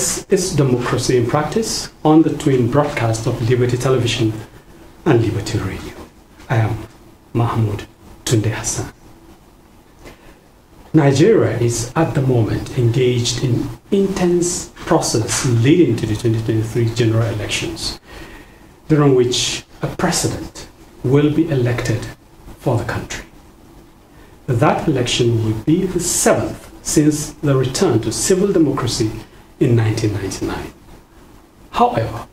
This is Democracy in Practice on the twin broadcast of Liberty Television and Liberty Radio. I am Mahmoud Tunde Hassan. Nigeria is at the moment engaged in intense process leading to the 2023 general elections, during which a president will be elected for the country. That election will be the seventh since the return to civil democracy in 1999. However,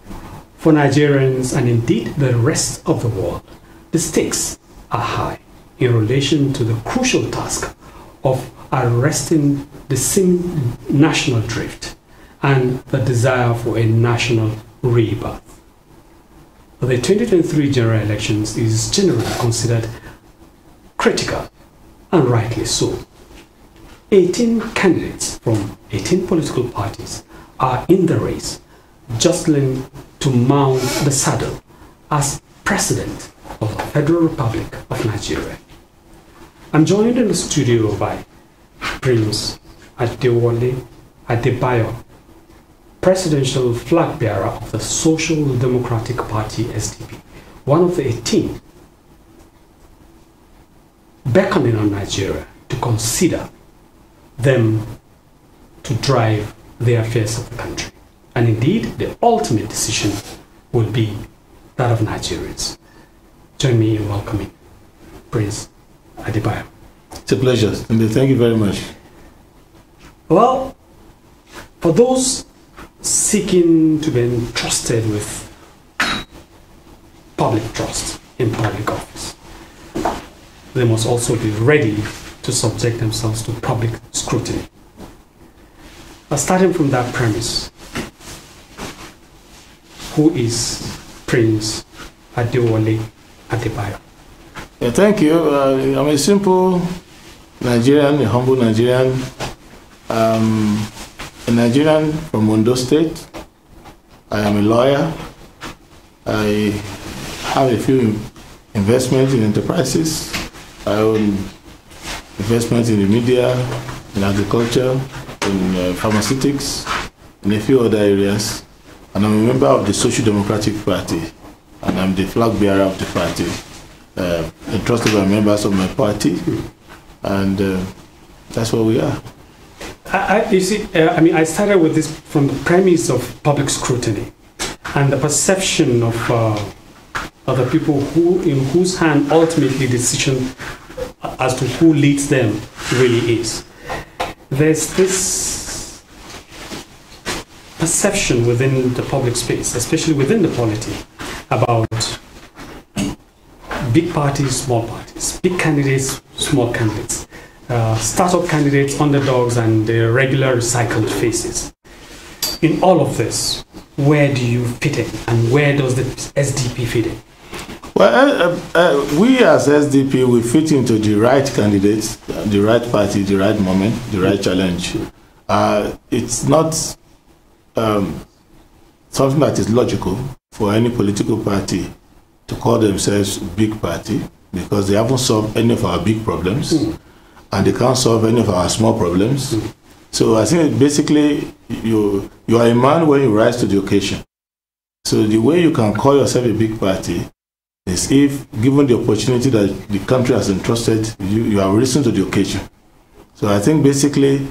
for Nigerians and indeed the rest of the world, the stakes are high in relation to the crucial task of arresting the same national drift and the desire for a national rebirth. The 2023 general elections is generally considered critical, and rightly so. 18 candidates from 18 political parties are in the race, jostling to mount the saddle as President of the Federal Republic of Nigeria. I'm joined in the studio by Prince Adewale Adebayo, presidential flag bearer of the Social Democratic Party SDP, one of the 18, beckoning on Nigeria to consider them to drive the affairs of the country. And indeed, the ultimate decision will be that of Nigerians. Join me in welcoming Prince Adebayo. It's a pleasure. Thank you very much. Well, for those seeking to be entrusted with public trust in public office, they must also be ready to subject themselves to public scrutiny. But starting from that premise, who is Prince Adewale Adebayo? Yeah, thank you. Uh, I'm a simple Nigerian, a humble Nigerian, um, a Nigerian from Ondo State. I am a lawyer. I have a few investments in enterprises. I own investment in the media, in agriculture, in uh, pharmaceutics, in a few other areas. And I'm a member of the Social Democratic Party, and I'm the flag bearer of the party, uh, entrusted by members of my party, and uh, that's where we are. I, you see, uh, I mean, I started with this from the premise of public scrutiny and the perception of, uh, people who, in whose hand ultimately decision as to who leads them really is. There's this perception within the public space, especially within the polity, about big parties, small parties, big candidates, small candidates, uh, startup candidates, underdogs, and the regular recycled faces. In all of this, where do you fit in and where does the SDP fit in? Well, uh, uh, uh, we as SDP, we fit into the right candidates, the right party, the right moment, the right challenge. Uh, it's not um, something that is logical for any political party to call themselves big party because they haven't solved any of our big problems mm. and they can't solve any of our small problems. Mm. So I think basically you, you are a man when you rise to the occasion. So the way you can call yourself a big party is if, given the opportunity that the country has entrusted, you, you are risen to the occasion. So I think basically,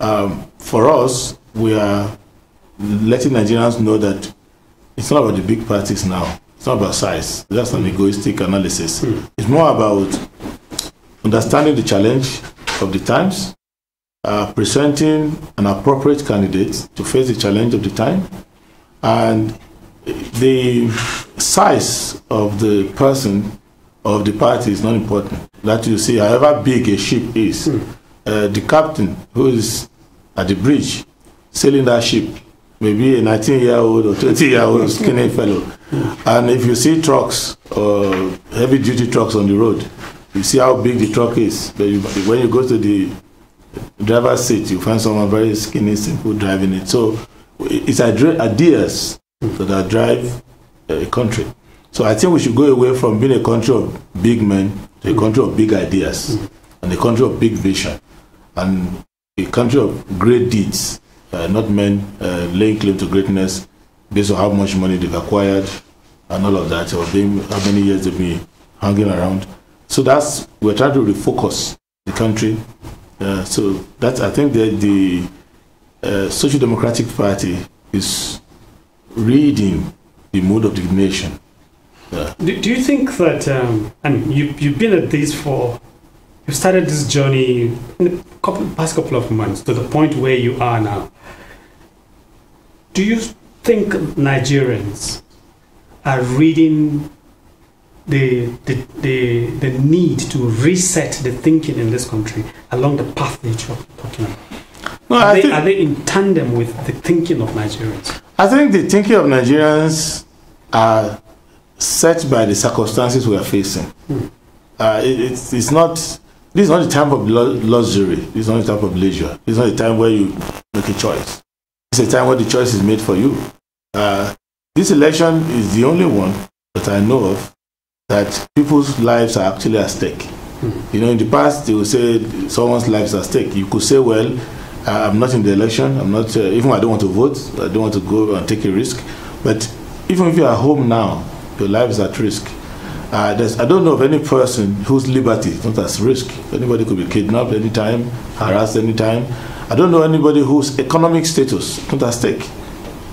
um, for us, we are letting Nigerians know that it's not about the big parties now. It's not about size. That's an egoistic analysis. Mm. It's more about understanding the challenge of the times, uh, presenting an appropriate candidate to face the challenge of the time, and the size of the person of the party is not important. That you see, however big a ship is, mm. uh, the captain who is at the bridge sailing that ship may be a 19 year old or 20 year old hmm. skinny fellow. And if you see trucks, uh, heavy duty trucks on the road, you see how big the truck is. But you, when you go to the driver's seat, you find someone very skinny, simple driving it. So it's ideas so that drive a country. So I think we should go away from being a country of big men to a country of big ideas and a country of big vision and a country of great deeds, uh, not men uh, laying claim to greatness based on how much money they've acquired and all of that, or being, how many years they've been hanging around. So that's we're trying to refocus the country. Uh, so that's I think that the uh, Social Democratic Party is reading the mood of the Yeah. Do, do you think that, um, I you, you've been at this for, you've started this journey in the couple, past couple of months to the point where you are now. Do you think Nigerians are reading the, the, the, the need to reset the thinking in this country along the path that you're talking about? No, are, they, think... are they in tandem with the thinking of Nigerians? I think the thinking of Nigerians are set by the circumstances we are facing. Hmm. Uh, it, it's, it's not, this is not the time of luxury. This is not the time of leisure. This is not the time where you make a choice. It's a time where the choice is made for you. Uh, this election is the only one that I know of that people's lives are actually at stake. Hmm. You know, in the past, they would say someone's life is at stake. You could say, well, I'm not in the election. I'm not, uh, even I don't want to vote. I don't want to go and take a risk. But even if you are home now, your life is at risk. Uh, I don't know of any person whose liberty is not at risk. Anybody could be kidnapped anytime, harassed anytime. I don't know anybody whose economic status is not at stake.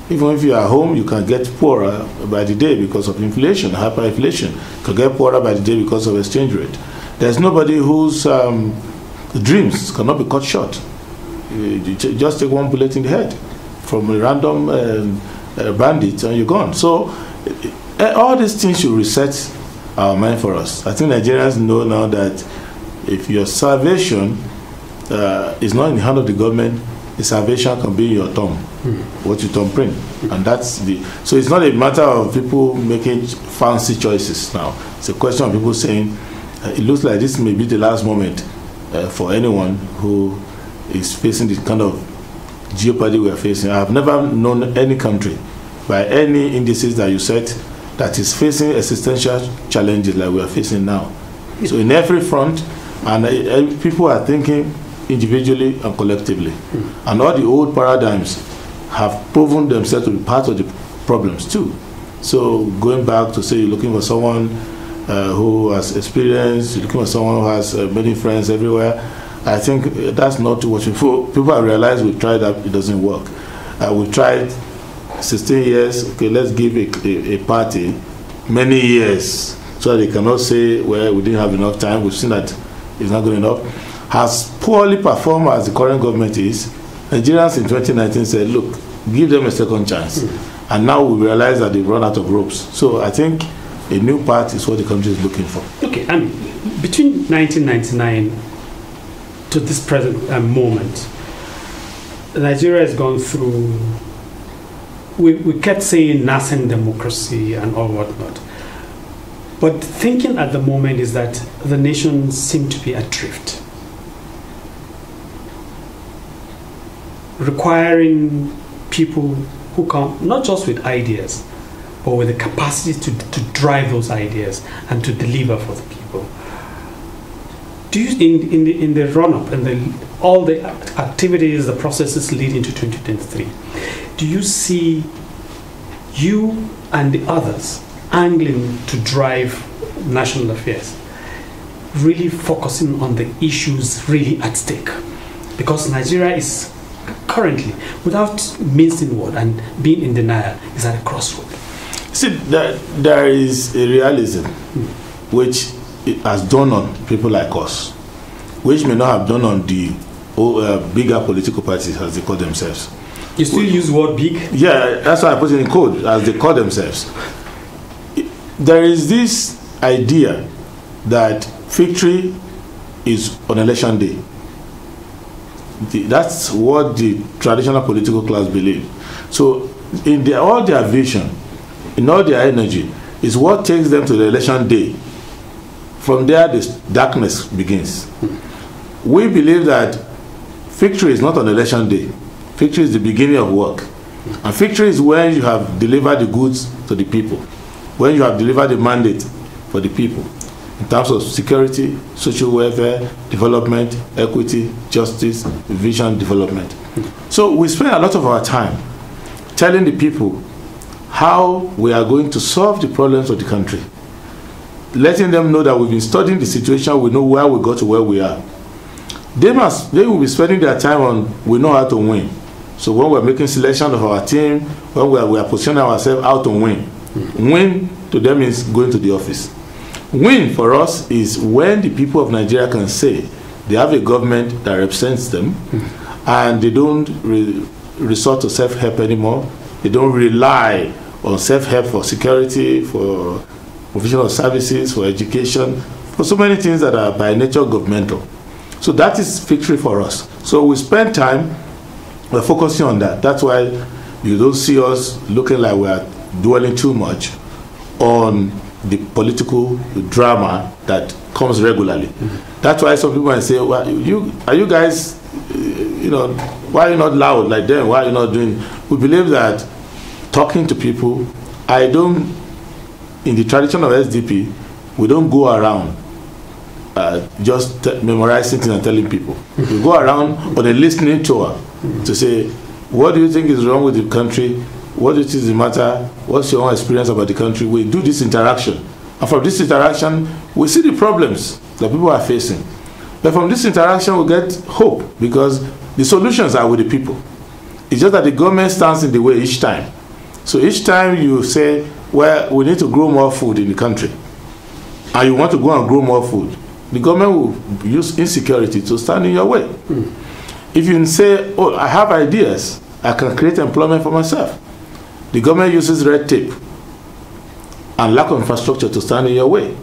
Even if you are home, you can get poorer by the day because of inflation, hyperinflation. You can get poorer by the day because of exchange rate. There's nobody whose um, dreams cannot be cut short uh, just take one bullet in the head from a random um, uh, bandit and you're gone. So uh, uh, all these things should reset our mind for us. I think Nigerians know now that if your salvation uh, is not in the hand of the government, the salvation can be your tongue, mm. what you tongue print. Mm. And that's the, so it's not a matter of people making fancy choices now. It's a question of people saying, uh, it looks like this may be the last moment uh, for anyone who is facing the kind of jeopardy we are facing. I've never known any country by any indices that you set that is facing existential challenges like we are facing now. So in every front, and uh, eh, people are thinking individually and collectively. Hmm. And all the old paradigms have proven themselves to be part of the problems too. So going back to say you're looking for someone uh, who has experience, you're looking for someone who has uh, many friends everywhere, I think that's not what we. people have realized we tried that it doesn't work. Uh, we tried 16 years, okay, let's give a, a, a party many years so that they cannot say, well, we didn't have enough time, we've seen that it's not good enough. As poorly performed as the current government is, Nigerians in 2019 said, look, give them a second chance. Hmm. And now we realize that they've run out of ropes. So I think a new path is what the country is looking for. Okay, and between 1999 to this present uh, moment. Nigeria has gone through, we, we kept saying nascent democracy and all whatnot. But thinking at the moment is that the nation seems to be adrift, requiring people who come not just with ideas, but with the capacity to, to drive those ideas and to deliver for the people do you, in, in the, in the run-up and the, all the activities, the processes leading to 2023, do you see you and the others angling to drive national affairs, really focusing on the issues really at stake? Because Nigeria is currently, without mincing word and being in denial, is at a crossroad. See, there, there is a realism mm. which it has done on people like us, which may not have done on the uh, bigger political parties as they call themselves. You still we, use word big? Yeah, that's why I put it in code as they call themselves. There is this idea that victory is on election day. The, that's what the traditional political class believe. So, in their, all their vision, in all their energy, is what takes them to the election day from there, the darkness begins. We believe that victory is not on election day. Victory is the beginning of work. And victory is when you have delivered the goods to the people, when you have delivered the mandate for the people in terms of security, social welfare, development, equity, justice, vision development. So we spend a lot of our time telling the people how we are going to solve the problems of the country. letting them know that we've been studying the situation, we know where we got to where we are. They must, they will be spending their time on we know how to win. So when we're making selection of our team, when we are, we are positioning ourselves how to win, win to them is going to the office. Win for us is when the people of Nigeria can say they have a government that represents them and they don't re- resort to self help anymore. They don't rely on self help for security, for provision services, for education, for so many things that are by nature governmental. So that is victory for us. So we spend time, we're focusing on that. That's why you don't see us looking like we are dwelling too much on the political drama that comes regularly. Mm-hmm. That's why some people might say, well, you, are you guys, eh, you know, why are you not loud like them? Why are you not doing? We believe that talking to people, I don't in the tradition of SDP, we don't go around uh, just memorizing things and telling people. we go around on a listening tour to say, what do you think is wrong with the country? What is the matter? What's your own experience about the country? We do this interaction. And from this interaction, we see the problems that people are facing. But from this interaction, we get hope because the solutions are with the people. It's just that the government stands in the way each time. So each time you say, where we need to grow more food in the country, and you want to go and grow more food, the government will use insecurity to stand in your way. Mm. If you say, oh, I have ideas, I can create employment for myself, the government uses red tape and lack of infrastructure to stand in your way.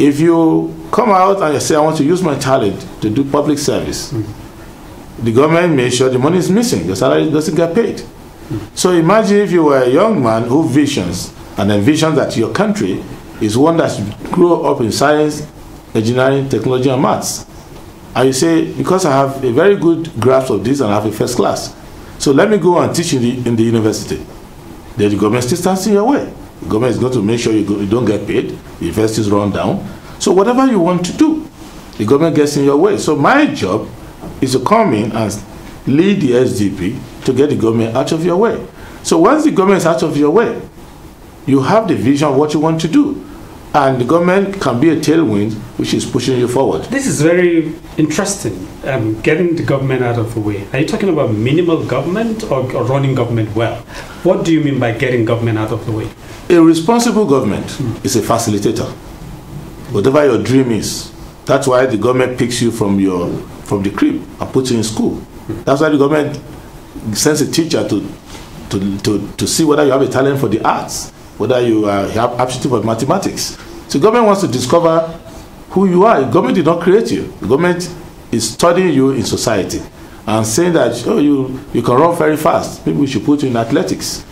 If you come out and you say, I want to use my talent to do public service, mm. the government makes sure the money is missing, your salary doesn't get paid. So imagine if you were a young man who visions and envisions that your country is one that should grow up in science, engineering, technology, and maths. And you say, because I have a very good grasp of this and I have a first class, so let me go and teach in the, in the university. Then the government still stands in your way. The government is going to make sure you, go, you don't get paid, the university is run down. So whatever you want to do, the government gets in your way. So my job is to come in and lead the SDP to get the government out of your way. So once the government is out of your way, you have the vision of what you want to do. And the government can be a tailwind which is pushing you forward. This is very interesting, um, getting the government out of the way. Are you talking about minimal government or, or running government well? What do you mean by getting government out of the way? A responsible government mm. is a facilitator. Whatever your dream is, that's why the government picks you from, your, from the crib and puts you in school That's why the government sends a teacher to, to, to, to see whether you have a talent for the arts, whether you, uh, have aptitude for mathematics. So government wants to discover who you are. The government did not create you. The government is studying you in society and saying that oh, you, you can run very fast. Maybe we should put you in athletics.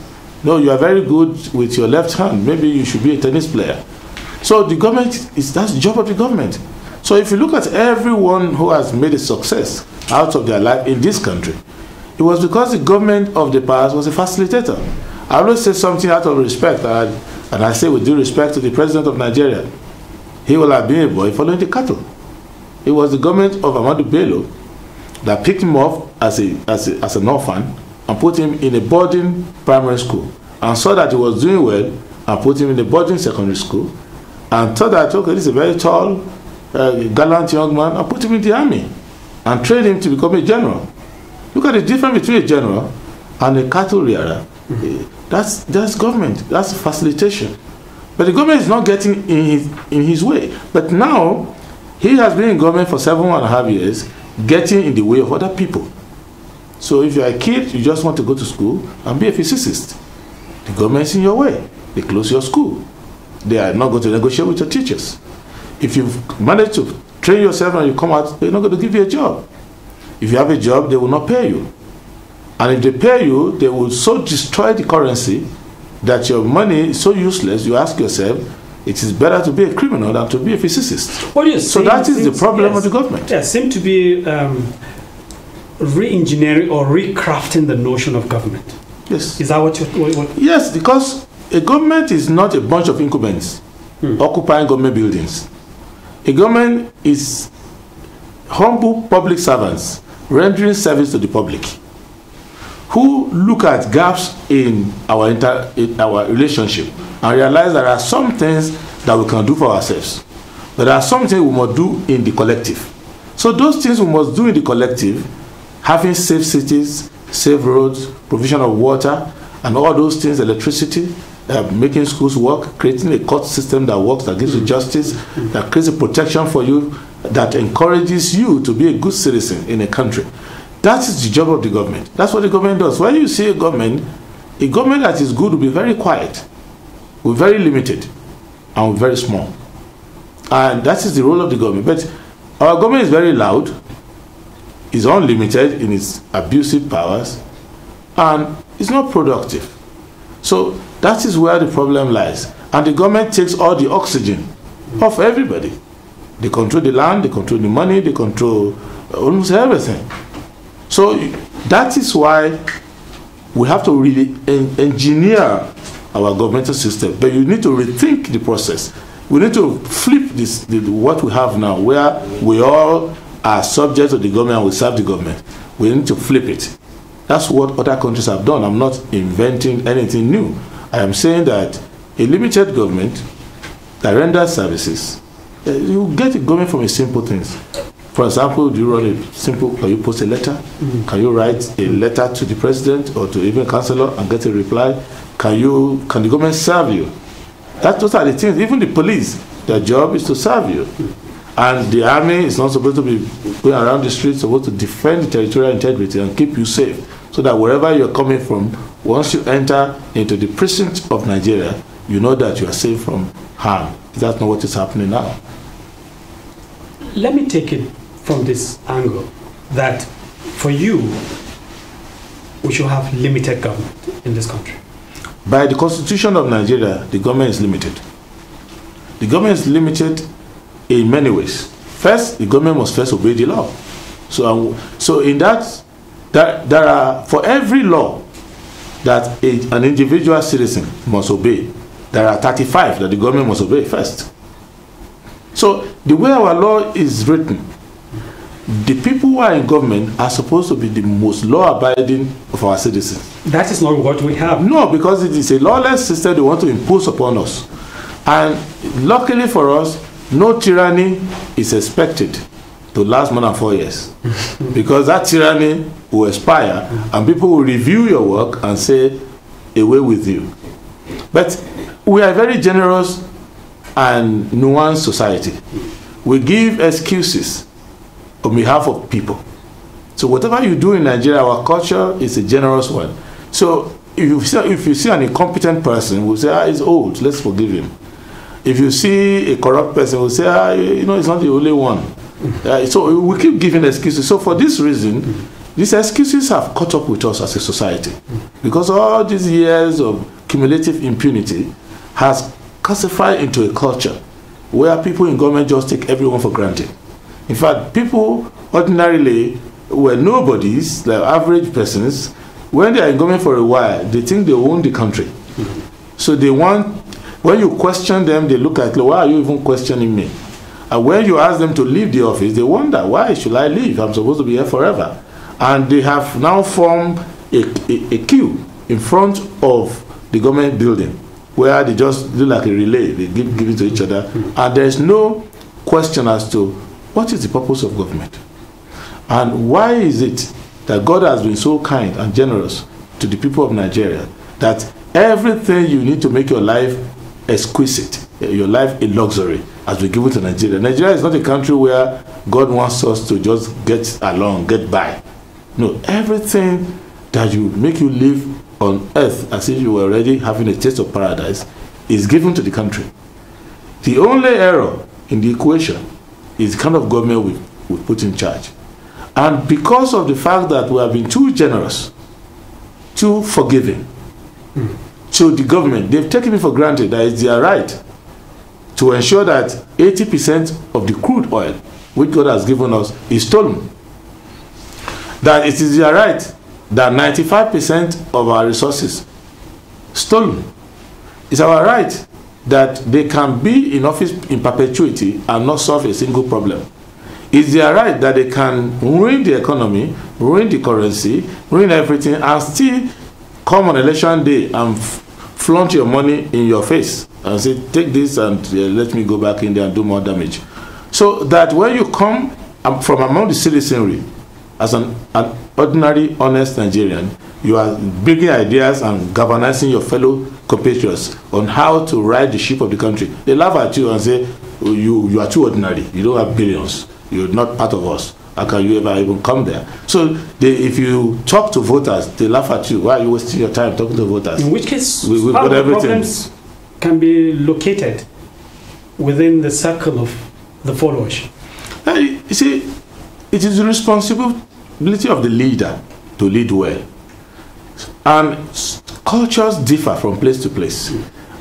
No, you are very good with your left hand. Maybe you should be a tennis player. So the government is that's the job of the government. So if you look at everyone who has made a success out of their life in this country, it was because the government of the past was a facilitator. I always say something out of respect, and, I say with due respect to the president of Nigeria, he will have been a boy following the cattle. It was the government of Amadu Bello that picked him up as, a, as, a, as an orphan and put him in a boarding primary school and saw that he was doing well and put him in a boarding secondary school and thought that, okay, this is a very tall A uh, gallant young man and put him in the army and train him to become a general. Look at the difference between a general and a cattle rearer. Mm -hmm. That's, that's government, that's facilitation. But the government is not getting in his, in his way. But now, he has been in government for seven and a half years, getting in the way of other people. So if you're a kid, you just want to go to school and be a physicist. The government's in your way. They close your school. They are not going to negotiate with your teachers. if you've managed to train yourself and you come out, they're not going to give you a job. If you have a job, they will not pay you. And if they pay you, they will so destroy the currency that your money is so useless, you ask yourself, it is better to be a criminal than to be a physicist. What you so that is the problem yes, of the government. Yeah, seem to be um, re-engineering or recrafting the notion of government. Yes. Is that what you? What, what? Yes, because a government is not a bunch of incumbents hmm. occupying government buildings. A government is humble public servants rendering service to the public who look at gaps in our inter in our relationship and realize there are some things that we can do for ourselves but there are some things we must do in the collective so those things we must do in the collective having safe cities safe roads provision of water and all those things electricity uh, making schools work, creating a court system that works, that gives you mm. justice, that creates a protection for you, that encourages you to be a good citizen in a country. That is the job of the government. That's what the government does. When you see a government, a government that is good will be very quiet, will be very limited, and very small. And that is the role of the government. But our government is very loud, is unlimited in its abusive powers, and it's not productive. So that is where the problem lies. And the government takes all the oxygen of everybody. They control the land, they control the money, they control almost everything. So that is why we have to really en engineer our governmental system. But you need to rethink the process. We need to flip this the, what we have now, where we all are subject to the government and we serve the government. We need to flip it. That's what other countries have done. I'm not inventing anything new. I am saying that a limited government that renders services, eh, you get it going from a simple things. For example, do you run a simple, can you post a letter? Mm -hmm. Can you write a letter to the president or to even councillor and get a reply? Can you, can the government serve you? That, those are the things, even the police, their job is to serve you. And the army is not supposed to be going around the streets, supposed to defend the territorial integrity and keep you safe so that wherever you're coming from, once you enter into the precincts of Nigeria, you know that you are safe from harm. That's not what is happening now. Let me take it from this angle that for you, we should have limited government in this country. By the constitution of Nigeria, the government is limited. The government is limited in many ways. First, the government must first obey the law. So, so in that, that there are for every law that a, an individual citizen must obey. There are 35 that the government must obey first. So the way our law is written, the people who are in government are supposed to be the most law-abiding of our citizens. That is not what we have. No, because it is a lawless system they want to impose upon us. And luckily for us, no tyranny is expected to last more than four years. because that tyranny will expire and people will review your work and say, away with you. But we are very generous and nuanced society. We give excuses on behalf of people. So whatever you do in Nigeria, our culture is a generous one. So if you see, if you see an incompetent person, we'll say, ah, he's old, let's forgive him. If you see a corrupt person, we'll say, ah, you know, he's not the only one. Uh, so we keep giving excuses. So for this reason, these excuses have caught up with us as a society because all these years of cumulative impunity has calcified into a culture where people in government just take everyone for granted. In fact, people ordinarily were nobodies, the average persons, when they are in government for a while, they think they own the country. So they want, when you question them, they look at, why are you even questioning me? And when you ask them to leave the office, they wonder, why should I leave? I'm supposed to be here forever. and they have now formed a, a, a queue in front of the government building where they just do like a relay they give, give it to each other and there is no question as to what is the purpose of government and why is it that God has been so kind and generous to the people of Nigeria that everything you need to make your life exquisite your life a luxury as we give it to Nigeria. Nigeria is not a country where God wants us to just get along, get by. No, everything that you make you live on earth as if you were already having a taste of paradise is given to the country. The only error in the equation is the kind of government we, we put in charge. And because of the fact that we have been too generous, too forgiving mm. to the government, they've taken it for granted that it's their right to ensure that 80% of the crude oil which God has given us is stolen. that it is their right that ninety-five percent of our resources stolen. It's our right that they can be in office in perpetuity and not solve a single problem. It's their right that they can ruin the economy, ruin the currency, ruin everything, and still come on election day and flaunt your money in your face and say, take this and uh, let me go back in there and do more damage. So that when you come um, from among the citizenry, as an, an ordinary honest nigerian you are bringing ideas and galvanizing your fellow compatriots on how to ride the ship of the country they laugh at you and say oh, you you are too ordinary you don't have billions you are not part of us how can you ever even come there so they if you talk to voters they laugh at you why are you wasting your time talking to voters. in which case we, part of everything. problems can be located within the circle of the followers. Hey, you see It is the responsibility of the leader to lead well. And cultures differ from place to place.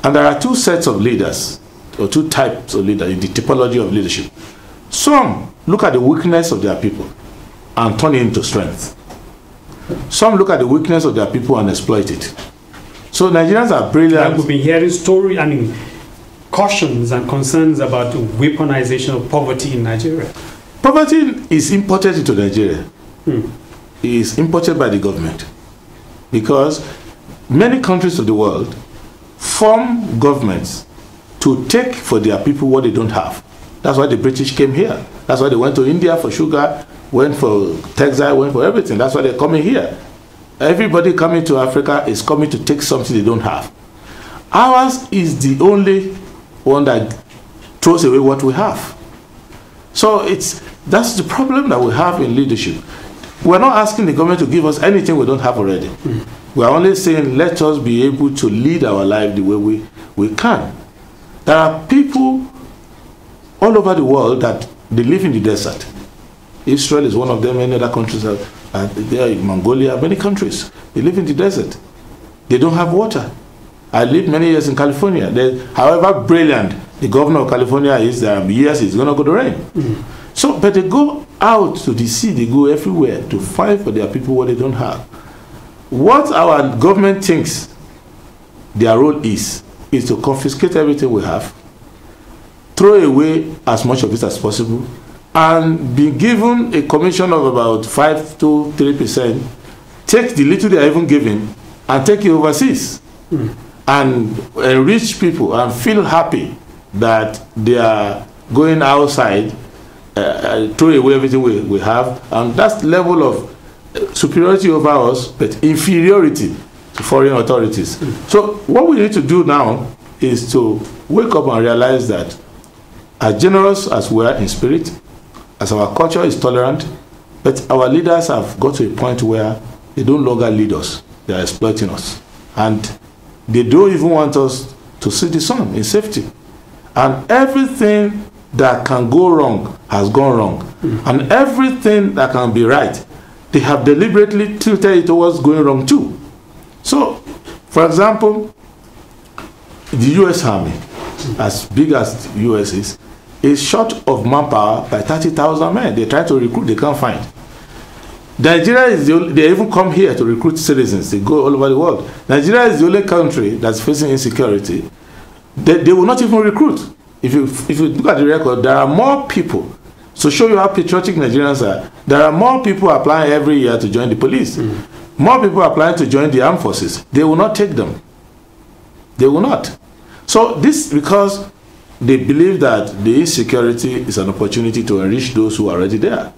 And there are two sets of leaders, or two types of leader in the typology of leadership. Some look at the weakness of their people and turn it into strength. Some look at the weakness of their people and exploit it. So Nigerians are brilliant. Like we've been hearing stories, I mean, cautions and concerns about weaponization of poverty in Nigeria. Poverty is imported into Nigeria. Hmm. It is imported by the government because many countries of the world form governments to take for their people what they don't have. That's why the British came here. That's why they went to India for sugar, went for textile, went for everything. That's why they're coming here. Everybody coming to Africa is coming to take something they don't have. Ours is the only one that throws away what we have. So it's that's the problem that we have in leadership. We're not asking the government to give us anything we don't have already. Mm. We're only saying let us be able to lead our life the way we, we can. There are people all over the world that they live in the desert. Israel is one of them, many other countries are, are there, in Mongolia, many countries. They live in the desert. They don't have water. I lived many years in California. They, however brilliant the governor of California is, um, years it's going to go to rain. Mm. So, but they go out to the sea, they go everywhere to fight for their people what they don't have. What our government thinks their role is, is to confiscate everything we have, throw away as much of it as possible, and be given a commission of about 5 to 3%, take the little they are even given, and take it overseas, mm. and enrich people and feel happy that they are going outside uh, throw away everything we, we have, and that level of uh, superiority over us, but inferiority to foreign authorities. Mm. So what we need to do now is to wake up and realize that as generous as we are in spirit, as our culture is tolerant, but our leaders have got to a point where they don't longer lead us. They are exploiting us. And they don't even want us to see the sun in safety. And everything that can go wrong has gone wrong. Mm. And everything that can be right, they have deliberately tilted it towards going wrong too. So, for example, the US Army, as big as the US is, is short of manpower by 30,000 men. They try to recruit, they can't find. Nigeria is the only, they even come here to recruit citizens. They go all over the world. Nigeria is the only country that's facing insecurity. They, they will not even recruit if you if you look at the record, there are more people. So show you how patriotic Nigerians are. There are more people applying every year to join the police. Mm. More people applying to join the armed forces. They will not take them. They will not. So this because they believe that the insecurity is an opportunity to enrich those who are already there.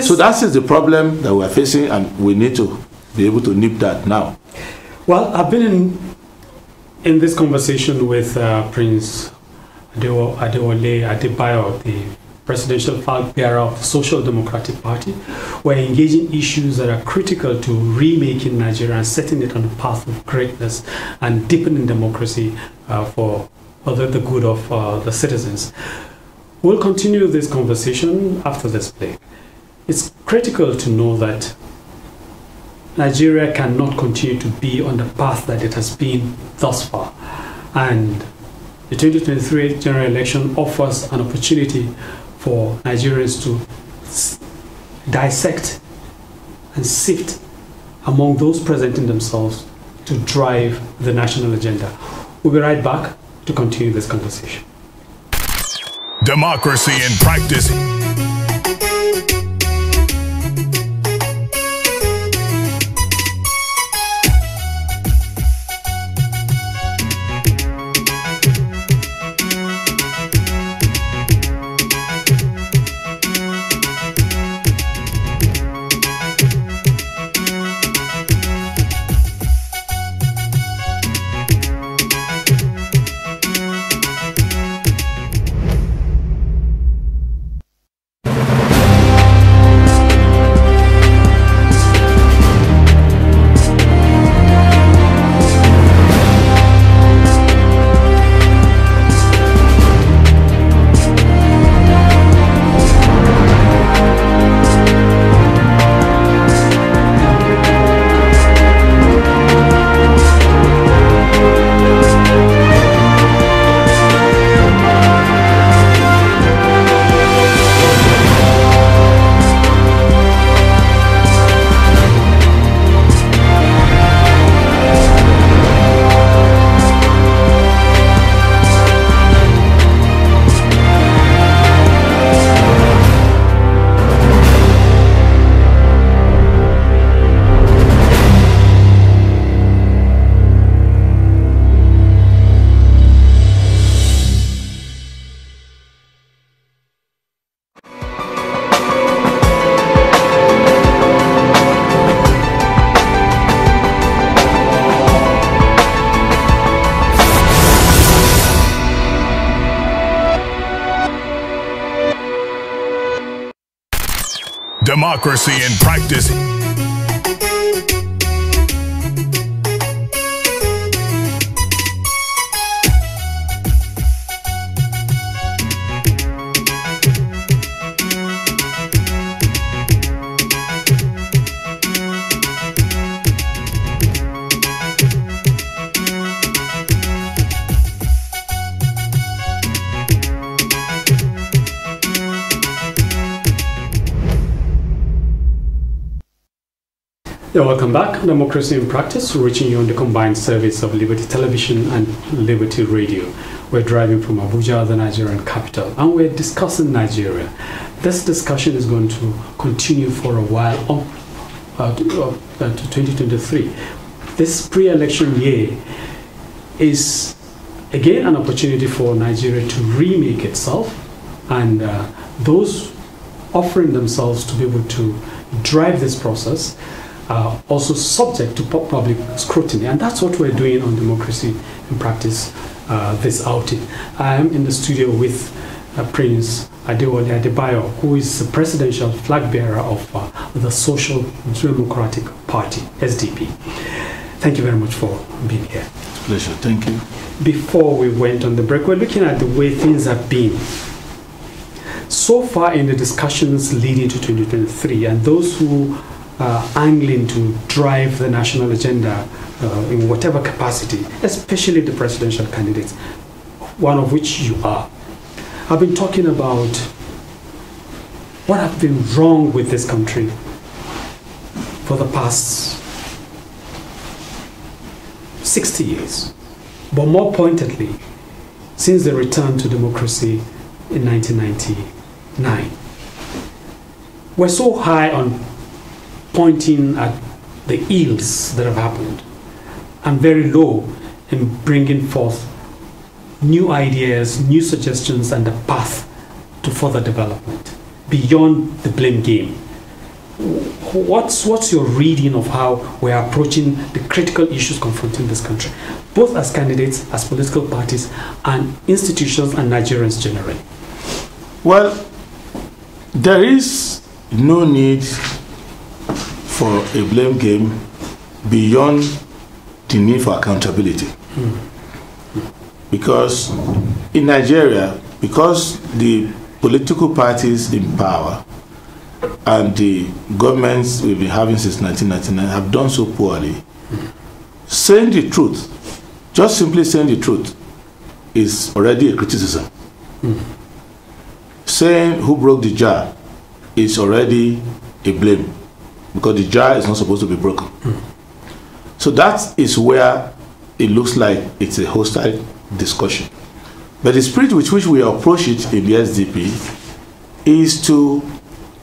so that is the problem that we are facing, and we need to be able to nip that now. Well, I've been in, in this conversation with uh, Prince Adewole Adebayo, the presidential flag bearer of the Social Democratic Party, were engaging issues that are critical to remaking Nigeria and setting it on the path of greatness and deepening democracy uh, for the good of uh, the citizens. We'll continue this conversation after this break. It's critical to know that Nigeria cannot continue to be on the path that it has been thus far. And the 2023 general election offers an opportunity for Nigerians to dissect and sift among those presenting themselves to drive the national agenda. We'll be right back to continue this conversation. Democracy in practice. democracy in practice. Yeah, welcome back. Democracy in Practice, reaching you on the combined service of Liberty Television and Liberty Radio. We're driving from Abuja, the Nigerian capital, and we're discussing Nigeria. This discussion is going to continue for a while up um, uh, uh, to, uh, 2023. This pre election year is again an opportunity for Nigeria to remake itself, and uh, those offering themselves to be able to drive this process are uh, also subject to public scrutiny. And that's what we're doing on Democracy in Practice uh, this outing. I am in the studio with uh, Prince Adewale Adebayo, who is the presidential flag bearer of uh, the Social Democratic Party, SDP. Thank you very much for being here. It's a pleasure, thank you. Before we went on the break, we're looking at the way things have been so far in the discussions leading to 2023, and those who uh, angling to drive the national agenda uh, in whatever capacity, especially the presidential candidates, one of which you are. I've been talking about what have been wrong with this country for the past 60 years, but more pointedly, since the return to democracy in 1999. We're so high on pointing at the ills that have happened and very low in bringing forth new ideas, new suggestions, and a path to further development beyond the blame game. What's, what's your reading of how we're approaching the critical issues confronting this country, both as candidates, as political parties, and institutions and Nigerians generally? Well, there is no need for a blame game beyond the need for accountability. Because in Nigeria, because the political parties in power and the governments we've been having since 1999 have done so poorly, saying the truth, just simply saying the truth, is already a criticism. Saying who broke the jar is already a blame because the jar is not supposed to be broken. So that is where it looks like it's a hostile discussion. But the spirit with which we approach it in the SDP is to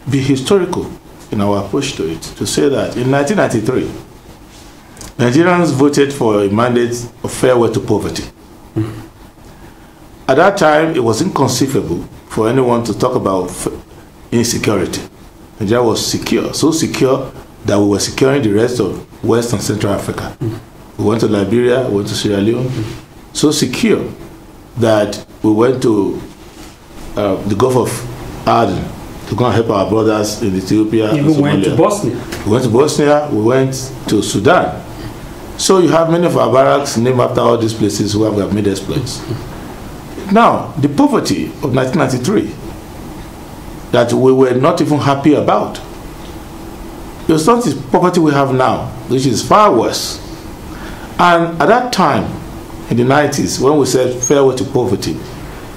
be historical in our approach to it, to say that in 1993, Nigerians voted for a mandate of farewell to poverty. At that time, it was inconceivable for anyone to talk about insecurity. Nigeria was secure, so secure that we were securing the rest of West and Central Africa. Mm. We went to Liberia, we went to Sierra Leone, mm. so secure that we went to uh, the Gulf of Aden to go and help our brothers in Ethiopia. Even went to Bosnia. We went to Bosnia, we went to Sudan. So you have many of our barracks named after all these places where we have made exploits. Now, the poverty of 1993 that we were not even happy about. It's not the poverty we have now, which is far worse. And at that time, in the 90s, when we said farewell to poverty,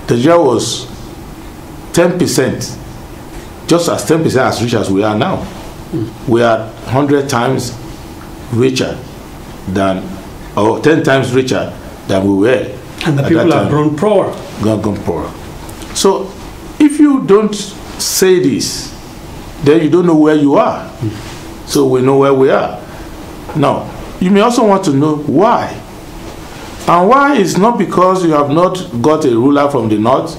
the year was 10%, just as 10% as rich as we are now. Mm. We are 100 times richer than, or 10 times richer than we were. And the people have grown poorer. Gone, gone poor. So if you don't say this, then you don't know where you are. So we know where we are. Now, you may also want to know why. And why is not because you have not got a ruler from the north,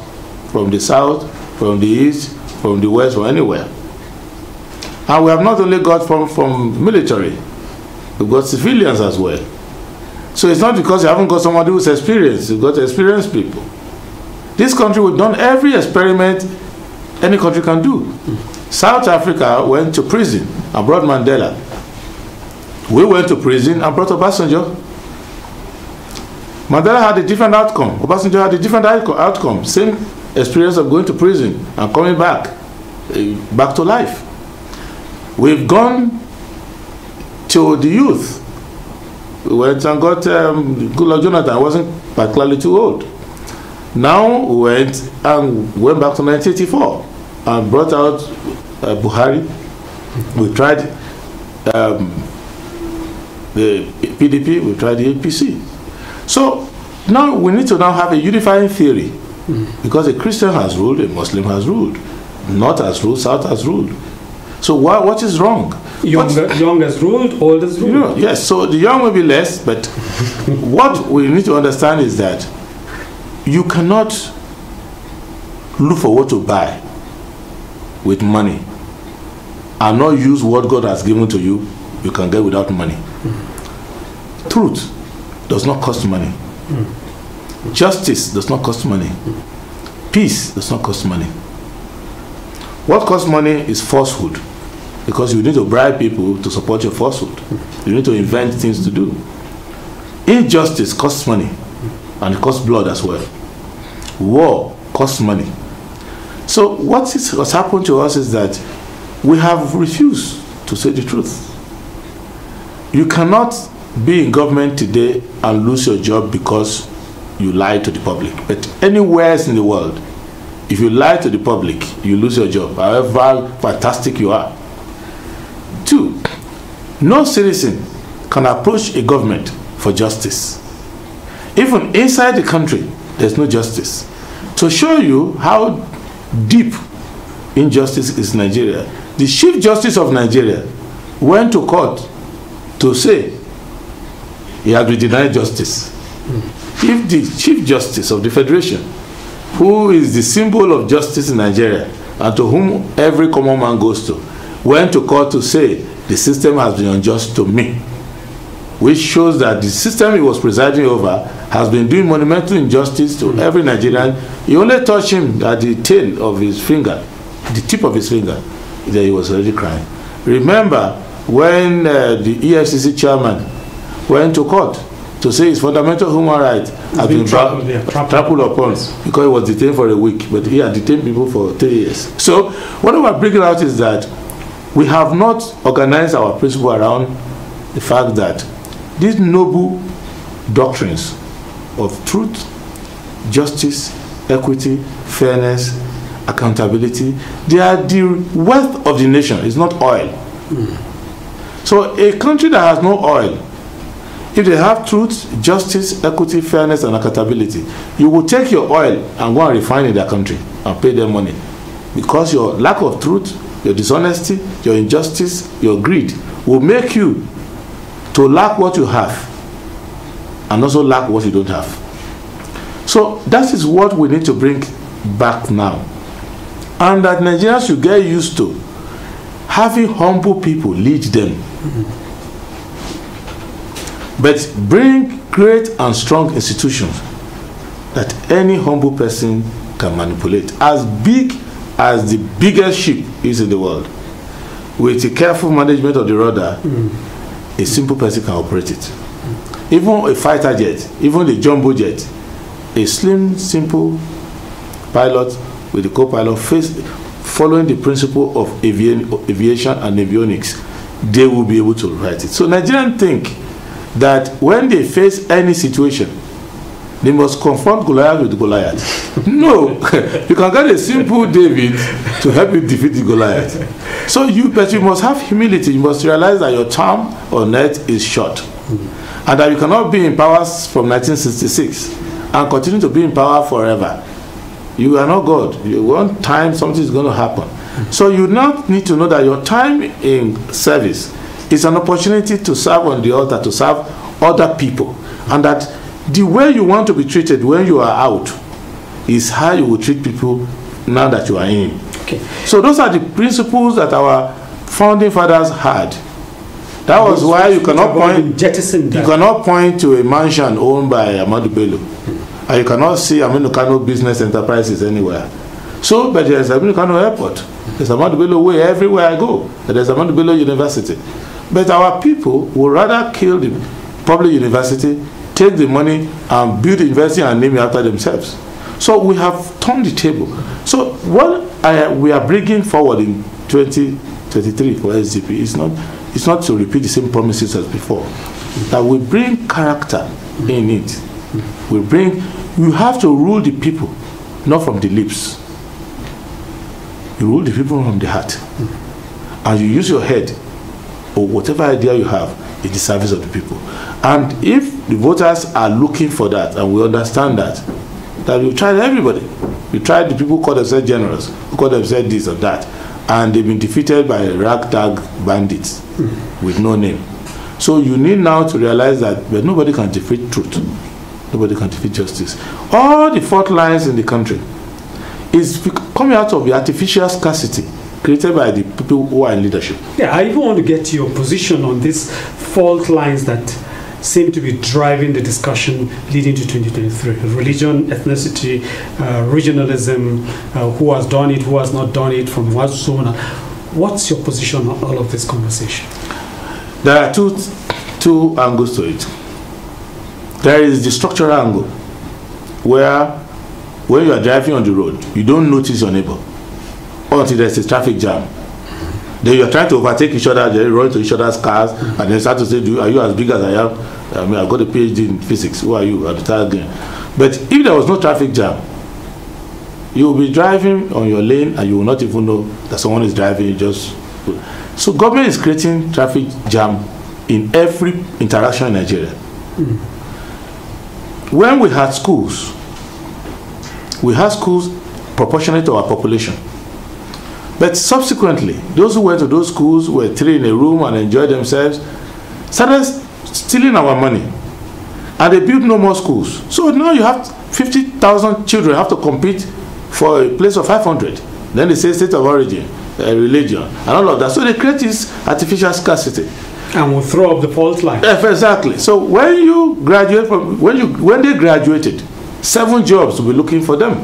from the south, from the east, from the west, or anywhere. And we have not only got from, from military, we've got civilians as well. So it's not because you haven't got somebody who's experienced, you've got experienced people. This country, we've done every experiment any country can do. South Africa went to prison and brought Mandela. We went to prison and brought Obasanjo. Mandela had a different outcome. Obasanjo had a different outcome. Same experience of going to prison and coming back, eh, back to life. We've gone to the youth. We went and got um, good luck Jonathan. wasn't particularly too old. Now we went and went back to 1984 and brought out uh, Buhari. We tried um, the PDP, we tried the APC. So now we need to now have a unifying theory because a Christian has ruled, a Muslim has ruled, North has ruled, South has ruled. So why, what is wrong? Younger, uh, young has ruled, old has ruled. You know, yes, so the young will be less, but what we need to understand is that you cannot look for what to buy with money and not use what God has given to you, you can get without money. Mm. Truth does not cost money. Mm. Justice does not cost money. Mm. Peace does not cost money. What costs money is falsehood because you need to bribe people to support your falsehood. You need to invent things to do. Injustice costs money and it costs blood as well. War costs money so what is, has happened to us is that we have refused to say the truth. You cannot be in government today and lose your job because you lie to the public. But anywhere else in the world, if you lie to the public, you lose your job, however fantastic you are. Two, no citizen can approach a government for justice. Even inside the country, there's no justice. To show you how deep injustice is Nigeria. The Chief Justice of Nigeria went to court to say he had been denied justice. If the Chief Justice of the Federation, who is the symbol of justice in Nigeria and to whom every common man goes to, went to court to say the system has been unjust to me, which shows that the system he was presiding over has been doing monumental injustice to every Nigerian. You only touch him at the tail of his finger, the tip of his finger, that he was already crying. Remember when uh, the EFCC chairman went to court to say his fundamental human rights have been, been trampled, yeah, trampled upon yes. because he was detained for a week, but he had detained people for three years. So what we're bringing out is that we have not organized our principle around the fact that these noble doctrines of truth, justice, equity, fairness, accountability. They are the wealth of the nation. It's not oil. Mm. So a country that has no oil, if they have truth, justice, equity, fairness, and accountability, you will take your oil and go and refine in their country and pay them money. Because your lack of truth, your dishonesty, your injustice, your greed will make you to lack what you have and also lack what you don't have. So that is what we need to bring back now. And that Nigerians should get used to having humble people lead them. Mm-hmm. But bring great and strong institutions that any humble person can manipulate. As big as the biggest ship is in the world, with the careful management of the rudder, mm-hmm. a simple person can operate it. even a fighter jet, even the jumbo jet, a slim, simple pilot with a co-pilot following the principle of avi aviation and avionics, they will be able to write it. So Nigerians think that when they face any situation, they must confront Goliath with Goliath. no, you can get a simple David to help you defeat the Goliath. So you, but you must have humility. You must realize that your time on net is short. Mm -hmm and that you cannot be in power from 1966 and continue to be in power forever. You are not God. You want time, something is going to happen. So you now need to know that your time in service is an opportunity to serve on the altar, to serve other people, and that the way you want to be treated when you are out is how you will treat people now that you are in. Okay. So those are the principles that our founding fathers had. That was why you cannot point. Jettisoned you cannot point to a mansion owned by Ahmadu Bello, and you cannot see Aminu Kano business enterprises anywhere. So, but there there's Aminu Kano Airport. There There's Ahmadu Bello way everywhere I go. There There's Ahmadu Bello University. But our people would rather kill the public university, take the money, and build the university and name it after themselves. So we have turned the table. So what I, we are bringing forward in 2023 for SDP is not It's not to repeat the same promises as before. That we bring character in it. We bring, We have to rule the people, not from the lips. You rule the people from the heart. And you use your head or whatever idea you have in the service of the people. And if the voters are looking for that, and we understand that, that we tried everybody. We tried the people who call themselves generals, who call themselves this or that and they've been defeated by ragtag bandits mm. with no name. So you need now to realize that nobody can defeat truth. Nobody can defeat justice. All the fault lines in the country is coming out of the artificial scarcity created by the people who are in leadership. Yeah, I even want to get your position on these fault lines that seem to be driving the discussion leading to 2023. Religion, ethnicity, uh, regionalism, uh, who has done it, who has not done it, from what zone. What's your position on all of this conversation? There are two, two angles to it. There is the structural angle, where when you are driving on the road, you don't notice your neighbor until there's a traffic jam They are trying to overtake each other then run into each other's cars and they start to say do are you as big as i am i mean i got a phd in physics who are you the retire again but if there was no traffic jam you will be driving on your lane and you will not even know that someone is driving you just so government is creating traffic jam in every interaction in nigeria mm. when we had schools we had schools proportionate to our population But subsequently, those who went to those schools were three in a room and enjoyed themselves, started stealing our money. And they built no more schools. So now you have 50,000 children have to compete for a place of 500. Then they say state of origin, uh, religion, and all of that. So they create this artificial scarcity. And will throw up the false line. exactly. So when you graduate from, when, you, when they graduated, seven jobs will be looking for them.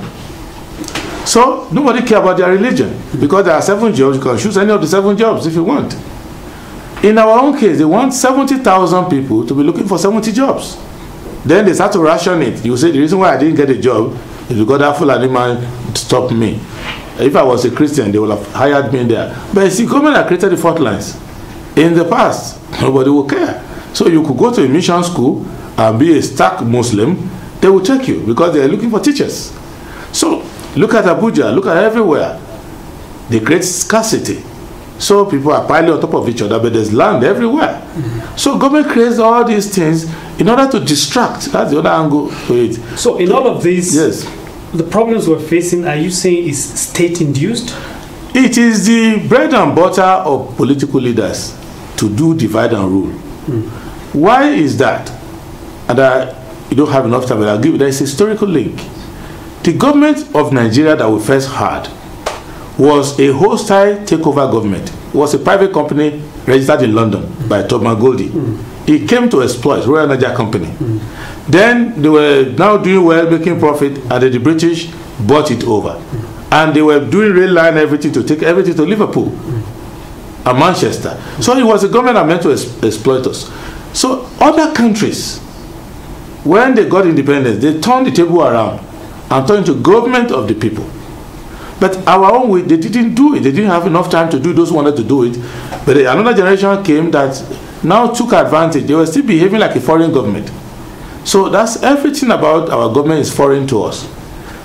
So nobody care about their religion because there are seven jobs. You can choose any of the seven jobs if you want. In our own case, they want 70,000 people to be looking for 70 jobs. Then they start to ration it. You say the reason why I didn't get a job is because that Fulani man stopped me. If I was a Christian, they would have hired me there. But you see, government had created the fault lines. In the past, nobody would care. So you could go to a mission school and be a stark Muslim, they will take you because they are looking for teachers. Look at Abuja, look at everywhere. They create scarcity. So people are piling on top of each other, but there's land everywhere. Mm. So government creates all these things in order to distract. That's the other angle to it. So in all of these, yes. the problems we're facing, are you saying is state-induced? It is the bread and butter of political leaders to do divide and rule. Mm. Why is that? And I, you don't have enough time, but I'll give you, there's a historical link the government of Nigeria that we first had was a hostile takeover government. It was a private company registered in London by Thomas Goldie. Mm. came to exploit Royal Niger Company. Mm. Then they were now doing well, making profit, and the British bought it over. Mm. And they were doing rail line everything to take everything to Liverpool mm. and Manchester. So it was a government that meant to ex exploit us. So other countries, when they got independence, they turned the table around I'm talking to government of the people. But our own way, they didn't do it. They didn't have enough time to do those who wanted to do it. But another generation came that now took advantage. They were still behaving like a foreign government. So that's everything about our government is foreign to us.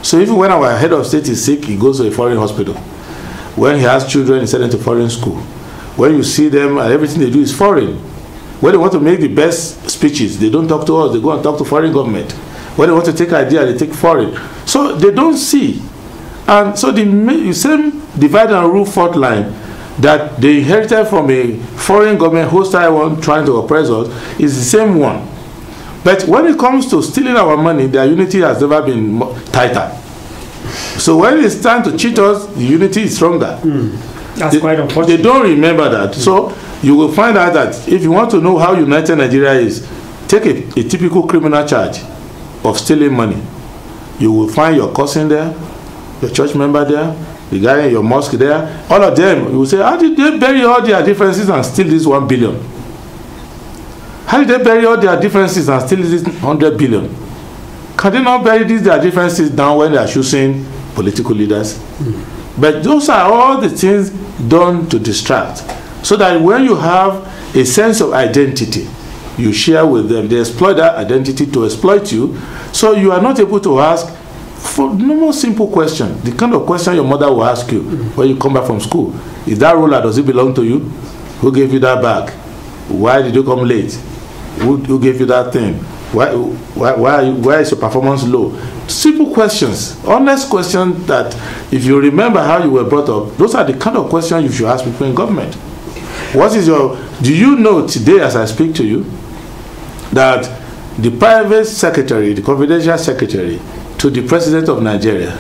So even when our head of state is sick, he goes to a foreign hospital. When he has children, he sends them to foreign school. When you see them, uh, everything they do is foreign. When they want to make the best speeches, they don't talk to us. They go and talk to foreign government. When they want to take idea, they take foreign. So they don't see. And so the same divide and rule fault line that they inherited from a foreign government hostile one trying to oppress us is the same one. But when it comes to stealing our money, their unity has never been tighter. So when it's time to cheat us, the unity is stronger. Mm. That's they, quite unfortunate. They don't remember that. Mm. So you will find out that if you want to know how united Nigeria is, take a, a typical criminal charge. of stealing money. You will find your cousin there, your church member there, the guy in your mosque there, all of them. You will say, How did they bury all their differences and steal this one billion? How did they bury all their differences and steal this hundred billion? Can they not bury these their differences down when they are choosing political leaders? Mm. But those are all the things done to distract. So that when you have a sense of identity, you share with them they exploit that identity to exploit you so you are not able to ask for normal simple question the kind of question your mother will ask you when you come back from school is that ruler does it belong to you who gave you that bag why did you come late who, who gave you that thing why why why, why is your performance low simple questions honest questions that if you remember how you were brought up those are the kind of questions you should ask people in government what is your do you know today as i speak to you that the private secretary, the confidential secretary to the president of Nigeria,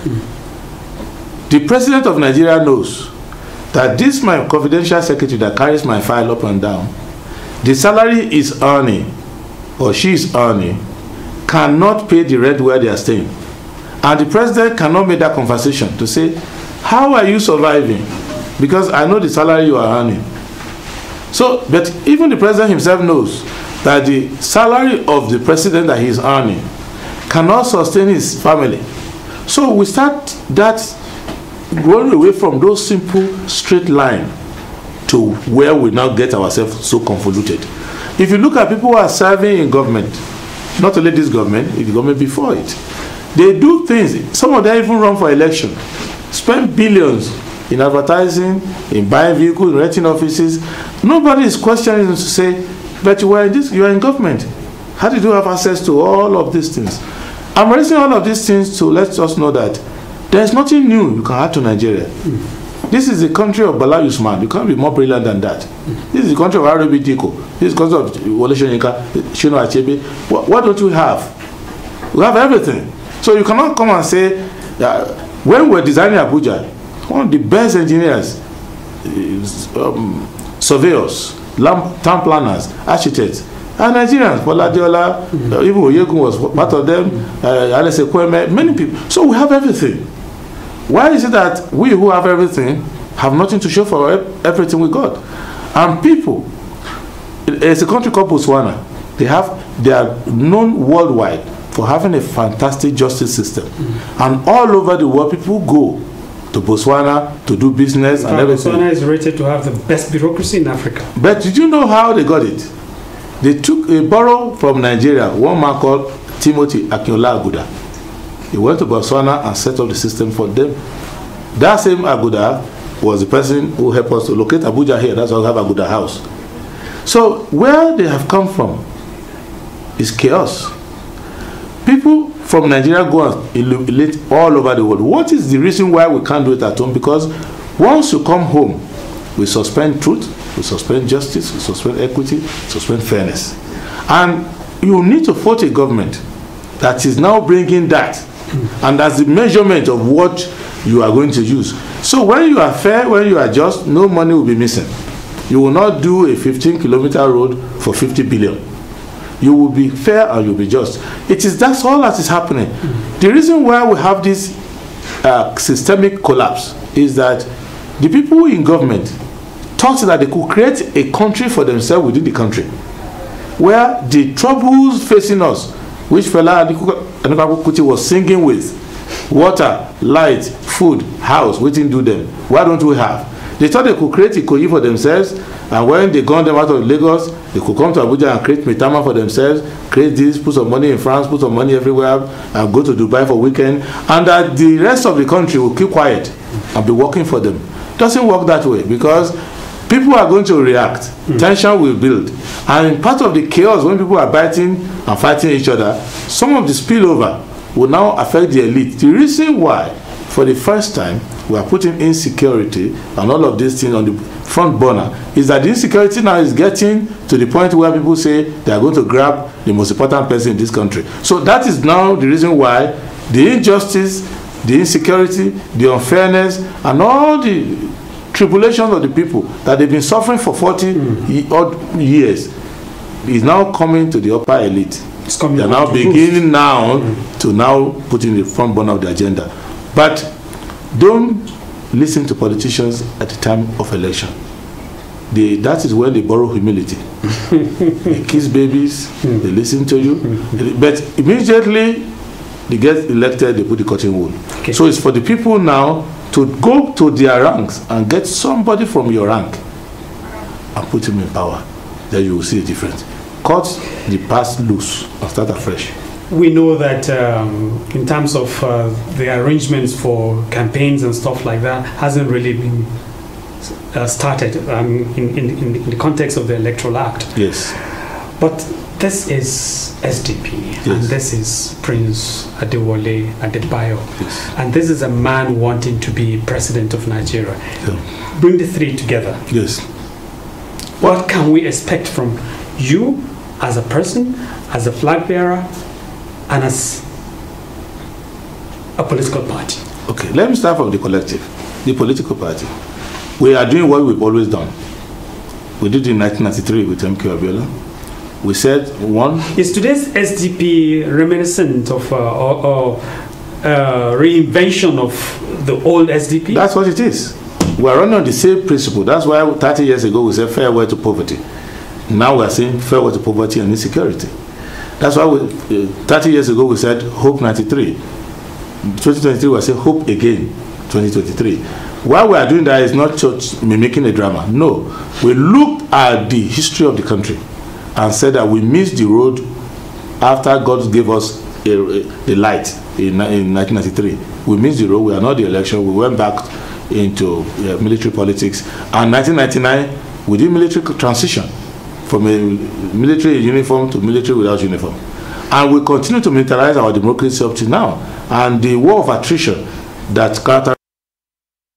the president of Nigeria knows that this my confidential secretary that carries my file up and down, the salary is earning or she is earning cannot pay the rent where they are staying. And the president cannot make that conversation to say, how are you surviving? Because I know the salary you are earning. So, but even the president himself knows that the salary of the president that he is earning cannot sustain his family. So we start that going away from those simple straight line to where we now get ourselves so convoluted. If you look at people who are serving in government, not only this government, the government before it, they do things. Some of them even run for election, spend billions in advertising, in buying vehicles, renting offices. Nobody is questioning to say But you were in this, you were in government. How did you have access to all of these things? I'm raising all of these things to let us know that there is nothing new you can add to Nigeria. Mm. This is the country of Bala Usman. You can't be more brilliant than that. Mm. This is the country of Arabi Diko. This is because of Wole Soyinka, Shino Achebe. What, what don't you have? We have everything. So you cannot come and say, that uh, when we were designing Abuja, one of the best engineers, is, um, surveyors, town planners architects and Nigerians Boladiola mm-hmm. uh, even Oyegun was part of them uh, Alese Kweme many people so we have everything why is it that we who have everything have nothing to show for everything we got and people as a country called Botswana they have they are known worldwide for having a fantastic justice system mm-hmm. and all over the world people go to Botswana to do business in and everything. Botswana is rated to have the best bureaucracy in Africa. But did you know how they got it? They took a borrow from Nigeria, one man called Timothy Akinola Aguda. He went to Botswana and set up the system for them. That same Aguda was the person who helped us to locate Abuja here. That's why we have Aguda House. So where they have come from is chaos. People from Nigeria go and all over the world. What is the reason why we can't do it at home? Because once you come home, we suspend truth, we suspend justice, we suspend equity, suspend fairness. And you need to vote a government that is now bringing that. And that's the measurement of what you are going to use. So when you are fair, when you are just, no money will be missing. You will not do a 15 kilometer road for 50 billion you will be fair and you'll be just. It is that's all that is happening. The reason why we have this uh, systemic collapse is that the people in government thought that they could create a country for themselves within the country where the troubles facing us which Fela Anikulapo Kuti was singing with water light food house didn't do them why don't we have they thought they could create ikoyi for themselves and when they gone them out of Lagos They could come to Abuja and create Mitama for themselves, create this, put some money in France, put some money everywhere, and go to Dubai for weekend, and that the rest of the country will keep quiet and be working for them. Doesn't work that way because people are going to react. Mm. Tension will build, and part of the chaos when people are biting and fighting each other, some of the spillover will now affect the elite. The reason why, for the first time, we are putting insecurity and all of these things on the front burner is that the insecurity now is getting to the point where people say they are going to grab the most important person in this country. So that is now the reason why the injustice, the insecurity, the unfairness, and all the tribulations of the people that they've been suffering for 40 mm. odd years is now coming to the upper elite. It's coming They're now beginning now mm. to now put in the front burner of the agenda. But don't listen to politicians at the time of election. They, that is where they borrow humility. they kiss babies, they listen to you, but immediately they get elected, they put the cutting wool. Okay. So it's for the people now to go to their ranks and get somebody from your rank and put him in power. Then you will see a difference. Cut the past loose and start afresh. we know that um, in terms of uh, the arrangements for campaigns and stuff like that hasn't really been uh, started um, in, in, in, the context of the Electoral Act. Yes. But this is SDP yes. and this is Prince Adewale Adebayo. Yes. And this is a man wanting to be president of Nigeria. Yeah. Bring the three together. Yes. What can we expect from you as a person, as a flag bearer, and as a political party. Okay, let me start from the collective, the political party. We are doing what we've always done. We did in 1993 with MQ Abiola. We said one. Is today's SDP reminiscent of uh, or, uh, reinvention of the old SDP? That's what it is. We are running on the same principle. That's why 30 years ago we said farewell to poverty. Now we are saying farewell to poverty and insecurity. That's why we, uh, 30 years ago we said Hope 93. 2023 we say Hope again 2023. Why we are doing that is not church making a drama. No. We looked at the history of the country and said that we missed the road after God gave us a, a, the light in, in 1993. We missed the road. We are not the election. We went back into uh, military politics. And 1999, we did military transition from a military uniform to military without uniform. And we continue to militarize our democracy up to now. And the war of attrition that Carter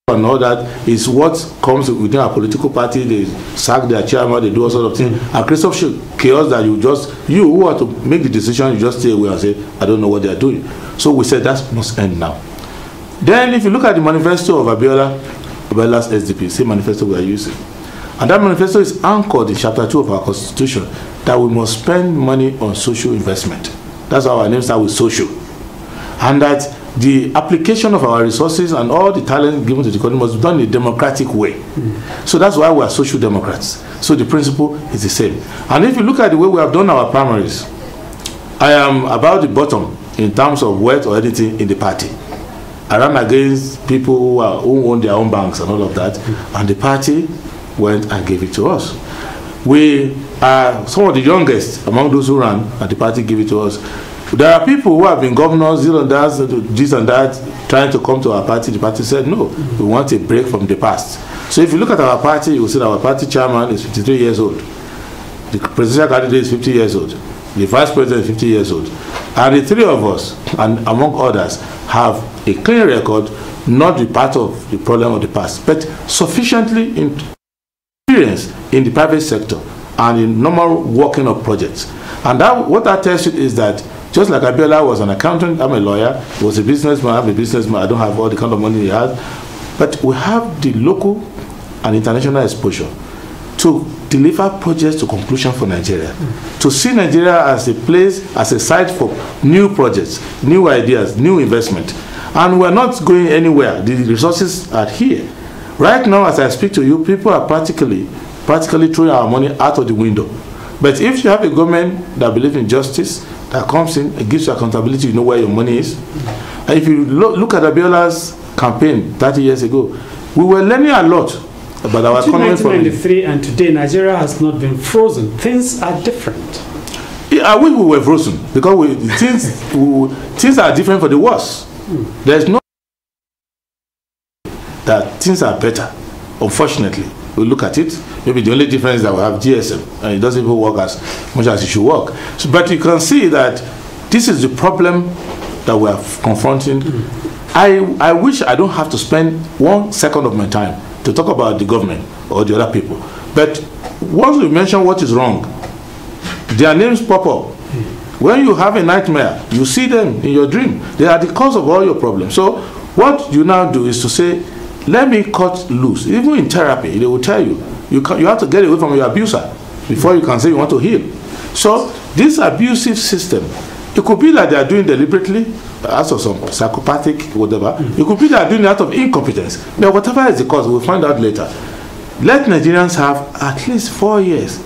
and all that is what comes within our political party. They sack their chairman, they do all sorts of things. Mm-hmm. And Christoph chaos that you just, you who are to make the decision, you just stay away and say, I don't know what they are doing. So we said that must end now. Then if you look at the manifesto of Abiola, Abiola's SDP, same manifesto we are using. And that manifesto is anchored in chapter Two of our constitution that we must spend money on social investment. That's how our name starts with social. And that the application of our resources and all the talent given to the country must be done in a democratic way. Mm. So that's why we are social democrats. So the principle is the same. And if you look at the way we have done our primaries, I am about the bottom in terms of wealth or anything in the party. I ran against people who, are, who own their own banks and all of that. Mm. And the party went and gave it to us. We are some of the youngest among those who ran, and the party gave it to us. There are people who have been governors, this and that, this and that, trying to come to our party. The party said, no, we want a break from the past. So if you look at our party, you will see that our party chairman is 53 years old. The presidential candidate is 50 years old. The vice president is 50 years old. And the three of us, and among others, have a clear record, not the part of the problem of the past, but sufficiently in experience in the private sector and in normal working of projects. And that, what that tells you is that just like Abiola was an accountant, I'm a lawyer, was a businessman, I'm a businessman, I don't have all the kind of money he has. But we have the local and international exposure to deliver projects to conclusion for Nigeria. Mm. To see Nigeria as a place, as a site for new projects, new ideas, new investment. And we're not going anywhere. The resources are here. Right now, as I speak to you, people are practically, practically throwing our money out of the window. But if you have a government that believes in justice, that comes in, and gives you accountability, you know where your money is. And if you lo look at Abiola's campaign 30 years ago, we were learning a lot about our Between 1993 and today, Nigeria has not been frozen. Things are different. Yeah, I wish we were frozen because we, things, we, things are different for the worse. Mm. There's no that things are better. Unfortunately, we look at it. Maybe the only difference that we have GSM, and it doesn't even work as much as it should work. So, but you can see that this is the problem that we are confronting. Mm. I, I wish I don't have to spend one second of my time to talk about the government or the other people. But once we mention what is wrong, their names pop up. Mm. When you have a nightmare, you see them in your dream. They are the cause of all your problems. So what you now do is to say let me cut loose even in therapy they will tell you you, can, you have to get away from your abuser before you can say you want to heal so this abusive system it could be that they are doing deliberately as of some psychopathic whatever mm. it could be that they are doing out of incompetence but whatever is the cause we'll find out later let nigerians have at least four years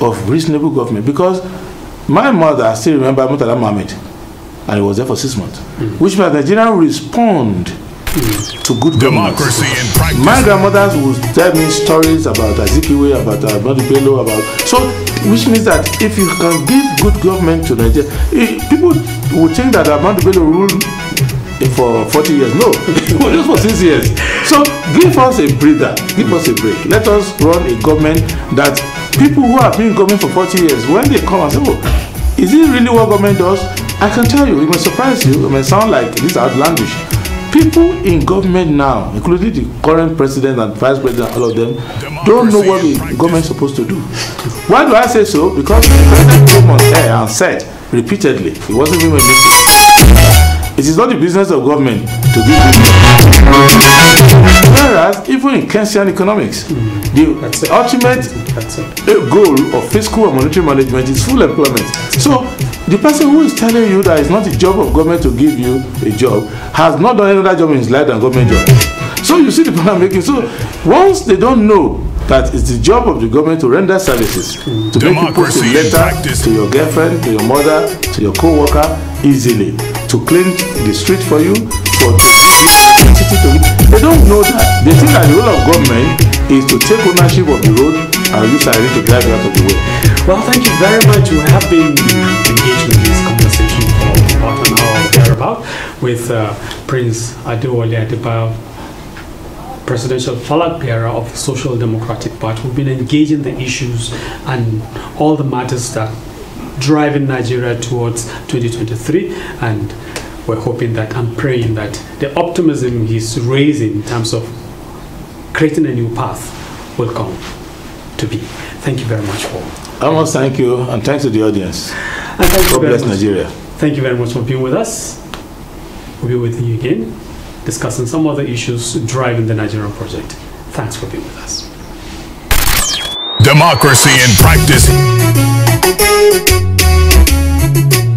of reasonable government because my mother still remember murtala mohammed and he was there for six months mm. which means nigerians respond to good democracy in practice. My grandmothers would tell me stories about Azikiwe, about Ahmadu Bello, about so which means that if you can give good government to Nigeria, people would think that Ahmadu Bello ruled for 40 years. No, it was just for six years. So give us a breather, give us a break. Let us run a government that people who have been government for 40 years, when they come and say, oh, is this really what government does? I can tell you, it may surprise you, it may sound like this outlandish people in government now, including the current president and vice president, all of them, don't know what the government is supposed to do. Why do I say so? Because the president came on air and said repeatedly, it wasn't even a mistake. It is not the business of government to give business. Whereas, even in Keynesian economics, the ultimate goal of fiscal and monetary management is full employment. So, the person who is telling you that it's not the job of government to give you a job has not done any other job in his life than government job so you see the point i'm making so once they don't know that it's the job of the government to render services to Democracy make you post a letter to your girlfriend to your mother to your co-worker easily to clean the street for you for to give you they don't know that they think that the role of government is to take ownership of the road i I need to drive out of the way. Well, thank you very much. We have been engaged in this conversation for about an hour thereabout with uh, Prince Adewale Adebayo presidential flag bearer of the Social Democratic Party. We've been engaging the issues and all the matters that driving Nigeria towards 2023 and we're hoping that and praying that the optimism he's raising in terms of creating a new path will come to be. Thank you very much for. I want to thank you and thanks to the audience. And thank God bless Nigeria. Thank you very much for being with us. We'll be with you again, discussing some other issues driving the Nigerian project. Thanks for being with us. Democracy in practice.